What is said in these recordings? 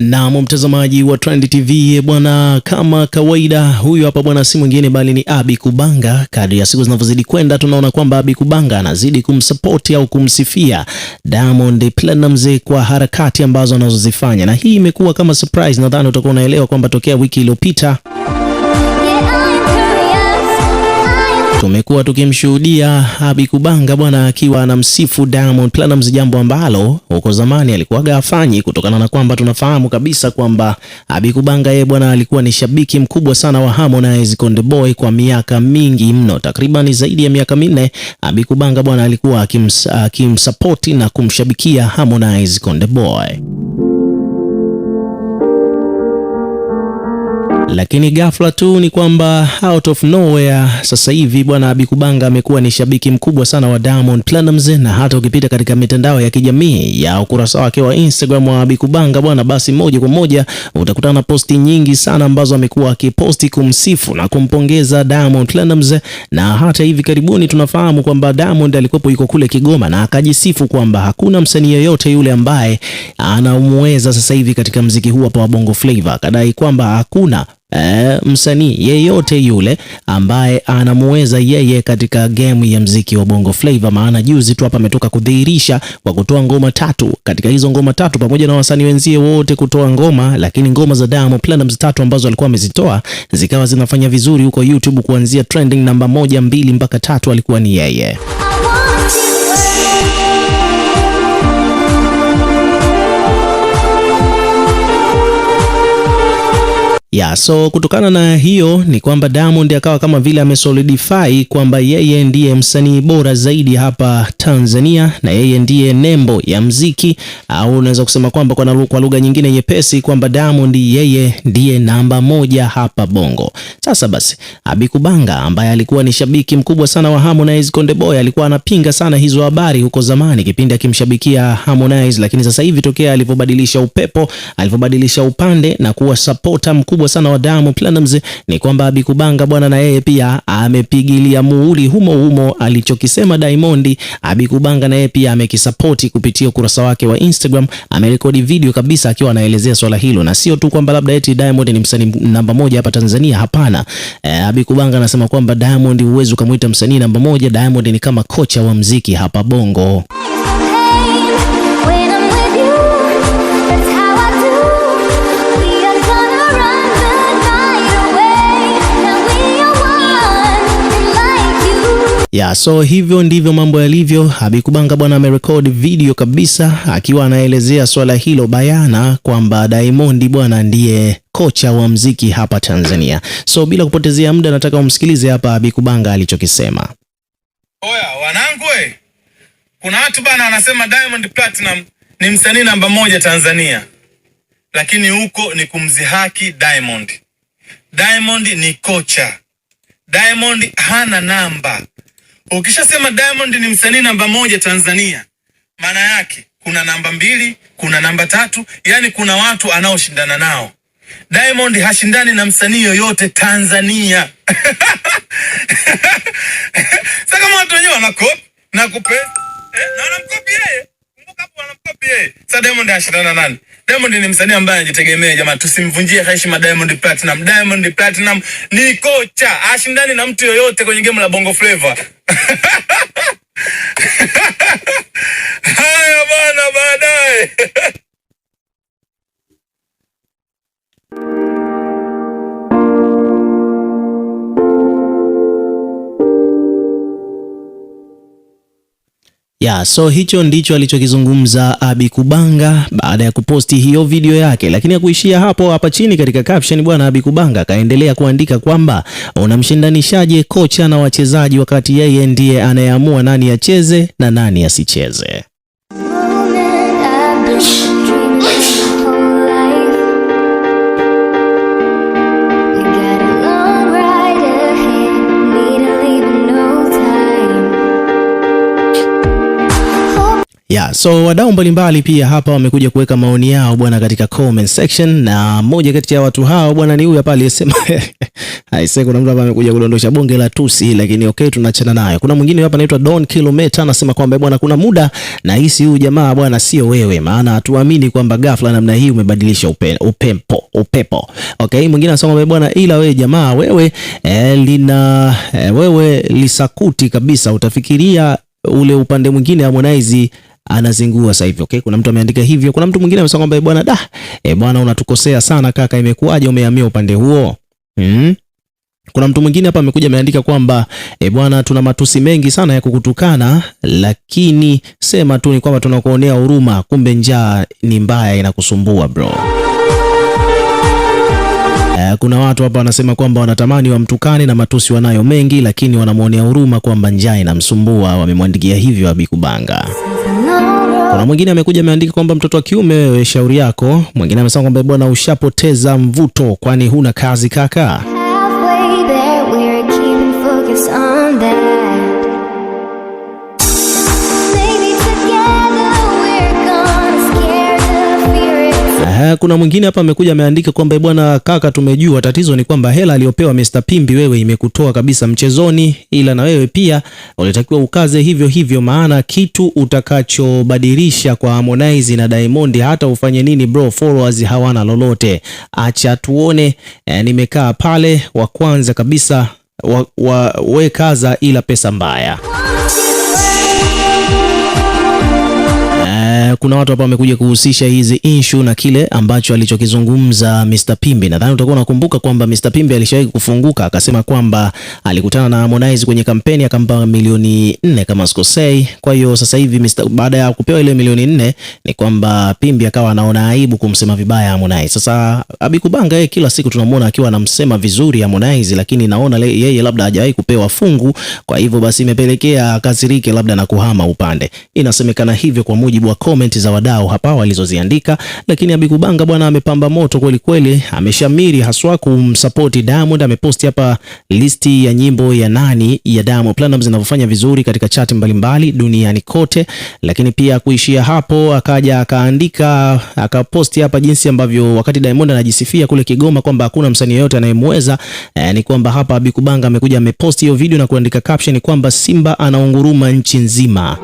Naam, mtazamaji wa Trend TV bwana, kama kawaida, huyu hapa bwana si mwingine bali ni Abi Kubanga. Kadri ya siku zinavyozidi kwenda, tunaona kwamba Abi Kubanga anazidi kumsapoti au kumsifia Diamond Platnumz kwa harakati ambazo anazozifanya, na hii imekuwa kama surprise. Nadhani utakuwa unaelewa kwamba tokea wiki iliyopita Tumekuwa tukimshuhudia Abi Kubanga bwana akiwa anamsifu Diamond Platnumz, jambo ambalo huko zamani alikuwaga afanyi, kutokana na kwamba tunafahamu kabisa kwamba Abi Kubanga yeye bwana alikuwa ni shabiki mkubwa sana wa Harmonize Konde Boy kwa miaka mingi mno, takriban zaidi ya miaka minne. Abi Kubanga bwana alikuwa akimsapoti na kumshabikia Harmonize Konde Boy. Lakini ghafla tu ni kwamba out of nowhere sasa hivi bwana Abikubanga amekuwa ni shabiki mkubwa sana wa Diamond Platnumz, na hata ukipita katika mitandao ya kijamii ya ukurasa wake wa Instagram wa Abikubanga bwana, basi moja kwa moja utakutana na posti nyingi sana ambazo amekuwa akiposti kumsifu na kumpongeza Diamond Platnumz, na hata hivi karibuni tunafahamu kwamba Diamond alikuwepo yuko kule Kigoma na akajisifu kwamba hakuna msanii yoyote yule ambaye anamweza sasa hivi katika mziki huu hapa wa Bongo Flava, kadai kwamba hakuna e, msanii yeyote yule ambaye anamuweza yeye katika gemu ya mziki wa Bongo Flava, maana juzi tu hapa ametoka kudhihirisha kwa kutoa ngoma tatu. Katika hizo ngoma tatu, pamoja na wasanii wenzie wote kutoa ngoma, lakini ngoma za Diamond Platnumz tatu ambazo alikuwa amezitoa zikawa zinafanya vizuri huko YouTube, kuanzia trending namba moja, mbili mpaka tatu alikuwa ni yeye. ya so kutokana na hiyo ni kwamba Diamond akawa kama vile amesolidify kwamba yeye ndiye msanii bora zaidi hapa Tanzania na yeye ndiye nembo ya mziki, ah, au unaweza kusema kwamba kwa lugha nyingine nyepesi kwamba Diamond yeye ndiye namba moja hapa Bongo. Sasa basi, Abikubanga ambaye alikuwa ni shabiki mkubwa sana wa Harmonize, Konde Boy alikuwa anapinga sana hizo habari huko zamani kipindi akimshabikia Harmonize, lakini sasa hivi tokea alivyobadilisha upepo, alivyobadilisha upande na kuwa supporter mkubwa mkubwa sana wa Diamond Platnumz ni kwamba Abikubanga bwana, na yeye pia amepigilia muhuri humo humo alichokisema Diamond. Abikubanga na yeye pia amekisapoti kupitia ukurasa wake wa Instagram, amerekodi video kabisa akiwa anaelezea swala hilo, na sio tu kwamba labda eti Diamond ni msanii namba moja hapa Tanzania. Hapana, eh, Abikubanga anasema kwamba Diamond huwezi ukamwita msanii namba moja. Diamond ni kama kocha wa mziki hapa Bongo. ya so hivyo ndivyo mambo yalivyo. kubanga bwana amerekodi video kabisa akiwa anaelezea swala hilo bayana kwamba Diamond bwana ndiye kocha wa mziki hapa Tanzania. So bila kupotezea muda, nataka umsikilize hapa kubanga alichokisema. Oya wanangu, kuna watu bana wanasema Diamond Platinum ni msanii namba moja Tanzania, lakini huko ni kumzihaki Diamond. Diamond ni kocha. Diamond hana namba Ukishasema Diamond ni msanii namba moja Tanzania, maana yake kuna namba mbili, kuna namba tatu, yani kuna watu anaoshindana nao. Diamond hashindani na msanii yoyote Tanzania. Sasa kama watu wenyewe wanakop na kupe eh, na wanamkopi yeye, kumbuka hapo wanamkopi yeye. Sasa Diamond hashindana nani? Diamond ni msanii ambaye anajitegemea jamaa, tusimvunjie heshima Diamond Platinum. Diamond Platinum ni kocha, ashindani na mtu yoyote kwenye game la Bongo Flava. Haya bana, baadaye Yeah, so hicho ndicho alichokizungumza Abi Kubanga baada ya kuposti hiyo video yake, lakini ya kuishia hapo. Hapa chini katika caption, bwana Abi Kubanga akaendelea kuandika kwamba unamshindanishaje kocha na wachezaji wakati yeye ndiye anayeamua nani acheze na nani asicheze. Yeah, so wadau mbalimbali pia hapa wamekuja kuweka maoni yao bwana katika comment section, na mmoja kati ya watu hao bwana ni huyu hapa aliyesema aise, kuna mtu hapa amekuja kudondosha bonge la tusi, lakini okay, tunachana nayo. Kuna mwingine hapa anaitwa Don Kilometa anasema kwamba bwana, kuna muda na hisi huyu jamaa bwana sio wewe, maana hatuamini kwamba ghafla namna hii umebadilisha upe, upempo, upepo. Okay, mwingine anasema bwana, ila wewe jamaa wewe eh, lina eh, wewe lisakuti kabisa, utafikiria ule upande mwingine Harmonize anazingua sasa hivi. Okay, kuna mtu ameandika hivyo, kuna mtu mwingine amesema kwamba eh, bwana da, e eh, bwana, unatukosea sana kaka, imekuwaje umehamia upande huo hmm? Kuna mtu mwingine hapa amekuja ameandika kwamba e bwana, tuna matusi mengi sana ya kukutukana, lakini sema tu ni kwamba tunakuonea huruma, kumbe njaa ni mbaya inakusumbua bro. Kuna watu hapa wanasema kwamba wanatamani wamtukane na matusi wanayo mengi, lakini wanamwonea huruma kwamba njaa inamsumbua. Wamemwandikia hivyo Abikubanga. Kuna mwingine amekuja ameandika kwamba mtoto wa kiume wewe, shauri yako. Mwingine amesema kwamba bwana, ushapoteza mvuto, kwani huna kazi kaka. Eh, kuna mwingine hapa amekuja ameandika kwamba eh, bwana kaka, tumejua tatizo ni kwamba hela aliyopewa Mr Pimbi wewe imekutoa kabisa mchezoni, ila na wewe pia ulitakiwa ukaze hivyo hivyo, maana kitu utakachobadilisha kwa Harmonize na Diamond, hata ufanye nini bro, followers hawana lolote. Acha tuone. Uh, nimekaa pale wa kwanza kabisa wa, wa, we kaza ila pesa mbaya kuna watu hapa wamekuja kuhusisha hizi issue na kile ambacho alichokizungumza Mr Pimbi. Nadhani utakuwa unakumbuka kwamba Mr Pimbi alishawahi kufunguka akasema kwamba alikutana na Harmonize kwenye kampeni akampa milioni nne kama sikosei. Kwa hiyo sasa hivi Mr baada ya kupewa ile milioni nne ni kwamba Pimbi akawa anaona aibu kumsema vibaya Harmonize. Sasa Abikubanga yeye kila siku tunamuona akiwa anamsema vizuri Harmonize, lakini naona yeye labda hajawahi kupewa fungu, kwa hivyo basi imepelekea akasirike labda na kuhama upande. Inasemekana hivyo kwa mujibu wa comment komenti za wadau hapa walizoziandika, lakini Abikubanga bwana amepamba moto kweli kweli, ameshamiri haswa kumsapoti Diamond. Ameposti hapa listi ya nyimbo ya nani ya Diamond Platinum zinavyofanya vizuri katika chati mbalimbali duniani kote, lakini pia kuishia hapo, akaja akaandika akaposti hapa jinsi ambavyo wakati Diamond anajisifia kule Kigoma kwamba hakuna msanii yeyote anayemweza eh, ni kwamba hapa Abikubanga amekuja ameposti hiyo video na kuandika caption kwamba Simba anaunguruma nchi nzima.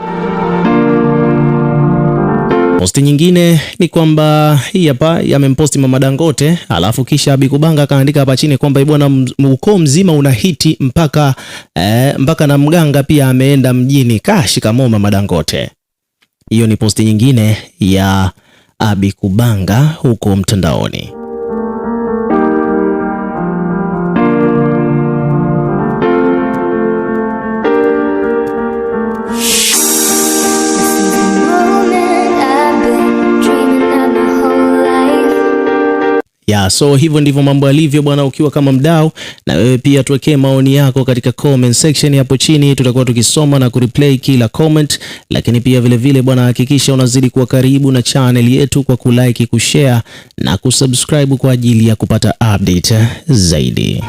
Posti nyingine ni kwamba hii hapa yamemposti Mama Dangote, alafu kisha Bikubanga akaandika hapa chini kwamba bwana, ukoo mzima una hiti mpaka, eh, mpaka na mganga pia ameenda mjini. Kashikamoo Mama Dangote. Hiyo ni posti nyingine ya Abikubanga huko mtandaoni. So hivyo ndivyo mambo yalivyo bwana, ukiwa kama mdau na wewe pia tuwekee maoni yako katika comment section hapo chini, tutakuwa tukisoma na kureplay kila comment, lakini pia vile vile bwana, hakikisha unazidi kuwa karibu na channel yetu kwa kulike, kushare na kusubscribe kwa ajili ya kupata update zaidi.